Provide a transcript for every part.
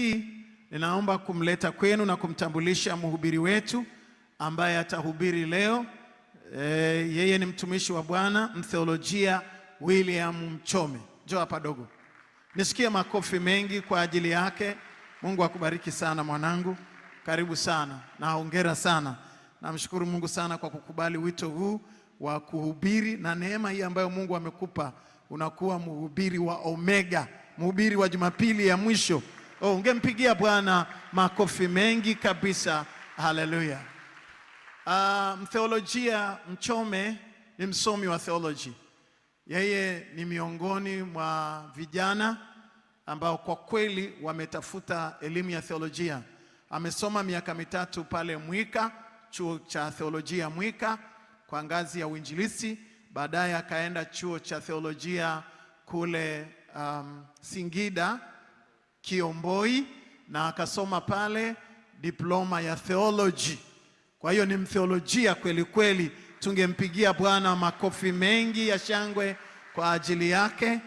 Hii ninaomba kumleta kwenu na kumtambulisha mhubiri wetu ambaye atahubiri leo. E, yeye ni mtumishi wa Bwana mtheolojia William Mchome. Njoo hapa dogo, nisikie makofi mengi kwa ajili yake. Mungu akubariki sana mwanangu, karibu sana na hongera sana. Namshukuru Mungu sana kwa kukubali wito huu wa kuhubiri na neema hii ambayo Mungu amekupa, unakuwa mhubiri wa Omega, mhubiri wa Jumapili ya mwisho Oh, ungempigia Bwana makofi mengi kabisa. Haleluya. Uh, ah, mtheolojia Mchome ni msomi wa theology. Yeye ni miongoni mwa vijana ambao kwa kweli wametafuta elimu ya theolojia. Amesoma miaka mitatu pale Mwika, chuo cha theolojia Mwika kwa ngazi ya uinjilisti, baadaye akaenda chuo cha theolojia kule um, Singida Kiomboi na akasoma pale diploma ya theology. Kwa hiyo ni mtheolojia kweli kweli. Tungempigia Bwana makofi mengi ya shangwe kwa ajili yake.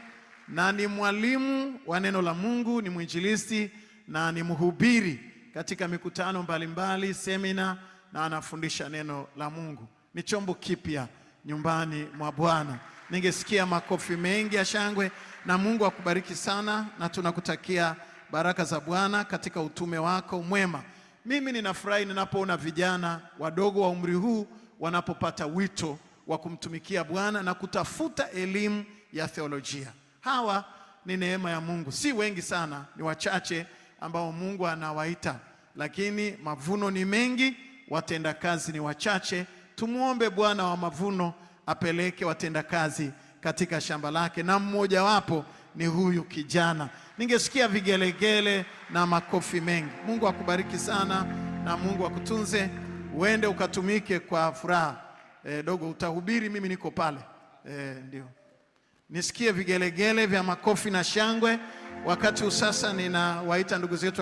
Na ni mwalimu wa neno la Mungu, ni mwinjilisti na ni mhubiri katika mikutano mbalimbali, semina, na anafundisha neno la Mungu. Ni chombo kipya nyumbani mwa Bwana. Ningesikia makofi mengi ya shangwe na Mungu akubariki sana, na tunakutakia baraka za Bwana katika utume wako mwema. Mimi ninafurahi ninapoona vijana wadogo wa umri huu wanapopata wito wa kumtumikia Bwana na kutafuta elimu ya theolojia. Hawa ni neema ya Mungu, si wengi sana, ni wachache ambao Mungu anawaita, lakini mavuno ni mengi, watendakazi ni wachache. Tumwombe Bwana wa mavuno apeleke watendakazi katika shamba lake, na mmojawapo ni huyu kijana. Ningesikia vigelegele na makofi mengi. Mungu akubariki sana na Mungu akutunze, uende ukatumike kwa furaha. E, dogo utahubiri, mimi niko pale. E, ndio nisikie vigelegele vya makofi na shangwe. Wakati huu sasa ninawaita ndugu zetu